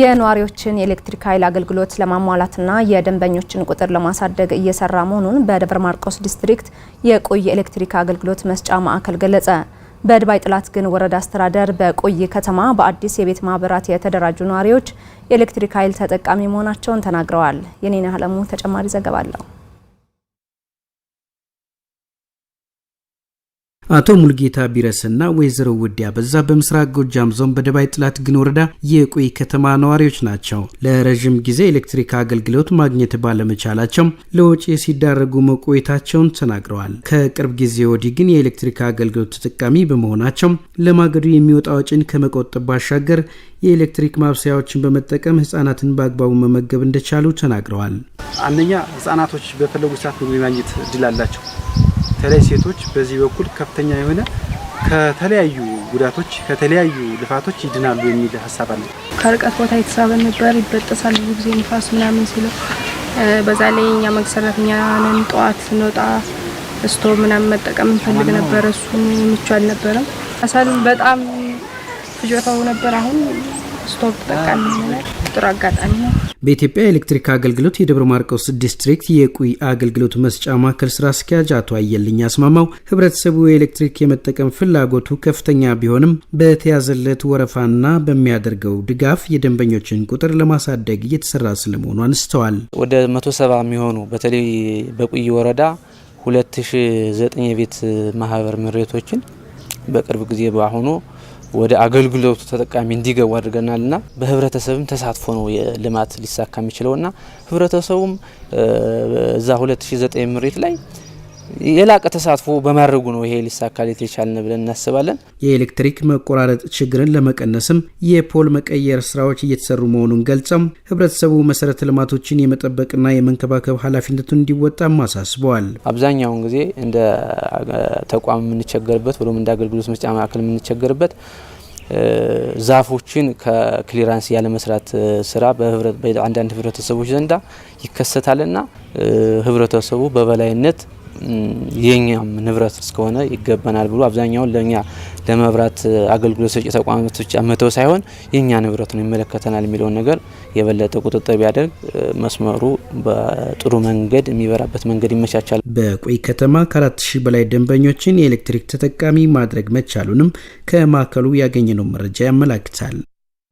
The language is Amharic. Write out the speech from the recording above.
የነዋሪዎችን የኤሌክትሪክ ኃይል አገልግሎት ለማሟላትና የደንበኞችን ቁጥር ለማሳደግ እየሰራ መሆኑን በደብረ ማርቆስ ዲስትሪክት የቆይ ኤሌክትሪክ አገልግሎት መስጫ ማዕከል ገለጸ። በድባይ ጥላት ግን ወረዳ አስተዳደር በቆይ ከተማ በአዲስ የቤት ማህበራት የተደራጁ ነዋሪዎች የኤሌክትሪክ ኃይል ተጠቃሚ መሆናቸውን ተናግረዋል። የኔን አለሙ ተጨማሪ ዘገባ አለው። አቶ ሙልጌታ ቢረስና ወይዘሮ ውድ በዛ በምስራቅ ጎጃም ዞን በደባይ ጥላት ግን ወረዳ የቆይ ከተማ ነዋሪዎች ናቸው። ለረዥም ጊዜ ኤሌክትሪክ አገልግሎት ማግኘት ባለመቻላቸው ለወጪ ሲዳረጉ መቆየታቸውን ተናግረዋል። ከቅርብ ጊዜ ወዲህ ግን የኤሌክትሪክ አገልግሎት ተጠቃሚ በመሆናቸው ለማገዱ የሚወጣ ወጪን ከመቆጠብ ባሻገር የኤሌክትሪክ ማብሰያዎችን በመጠቀም ህጻናትን በአግባቡ መመገብ እንደቻሉ ተናግረዋል። አንደኛ ህጻናቶች በፈለጉ ሰዓት ምግብ የማግኘት እድል አላቸው። በተለይ ሴቶች በዚህ በኩል ከፍተኛ የሆነ ከተለያዩ ጉዳቶች ከተለያዩ ልፋቶች ይድናሉ የሚል ሀሳብ አለ። ከርቀት ቦታ የተሳበ ነበር፣ ይበጠሳል ብዙ ጊዜ ንፋስ ምናምን ሲለው፣ በዛ ላይ እኛ መንግስት ሰራተኛ ነን። ጠዋት ስንወጣ እስቶ ምናምን መጠቀም እንፈልግ ነበረ፣ እሱ ምቹ አልነበረም። አሳል በጣም ፍጆታው ነበር። አሁን ስቶቭ ተጠቃሚ ጥሩ አጋጣሚ ነው። በኢትዮጵያ ኤሌክትሪክ አገልግሎት የደብረ ማርቆስ ዲስትሪክት የቁይ አገልግሎት መስጫ ማዕከል ስራ አስኪያጅ አቶ አየልኝ አስማማው ህብረተሰቡ የኤሌክትሪክ የመጠቀም ፍላጎቱ ከፍተኛ ቢሆንም በተያዘለት ወረፋና በሚያደርገው ድጋፍ የደንበኞችን ቁጥር ለማሳደግ እየተሰራ ስለመሆኑ አንስተዋል። ወደ ሰባ የሚሆኑ በተለይ በቁይ ወረዳ 2009 የቤት ማህበር ምሬቶችን በቅርብ ጊዜ በአሁኑ ወደ አገልግሎቱ ተጠቃሚ እንዲገቡ አድርገናል ና በህብረተሰብም ተሳትፎ ነው የልማት ሊሳካ የሚችለው ና ህብረተሰቡም እዛ 2009 ምሬት ላይ የላቀ ተሳትፎ በማድረጉ ነው ይሄ ሊሳካል የቻልን ብለን እናስባለን። የኤሌክትሪክ መቆራረጥ ችግርን ለመቀነስም የፖል መቀየር ስራዎች እየተሰሩ መሆኑን ገልጸም ህብረተሰቡ መሰረተ ልማቶችን የመጠበቅና የመንከባከብ ኃላፊነቱን እንዲወጣም አሳስበዋል። አብዛኛውን ጊዜ እንደ ተቋም የምንቸገርበት ብሎም እንደ አገልግሎት መስጫ ማዕከል የምንቸገርበት ዛፎችን ከክሊራንስ ያለመስራት ስራ በአንዳንድ ህብረተሰቦች ዘንዳ ይከሰታልና ህብረተሰቡ በበላይነት የኛም ንብረት እስከሆነ ይገባናል ብሎ አብዛኛውን ለኛ ለመብራት አገልግሎት ሰጪ ተቋማቶች መተው ሳይሆን የእኛ ንብረት ነው ይመለከተናል የሚለውን ነገር የበለጠ ቁጥጥር ቢያደርግ መስመሩ በጥሩ መንገድ የሚበራበት መንገድ ይመቻቻል። በቆይ ከተማ ከአራት ሺህ በላይ ደንበኞችን የኤሌክትሪክ ተጠቃሚ ማድረግ መቻሉንም ከማዕከሉ ያገኘነው መረጃ ያመላክታል።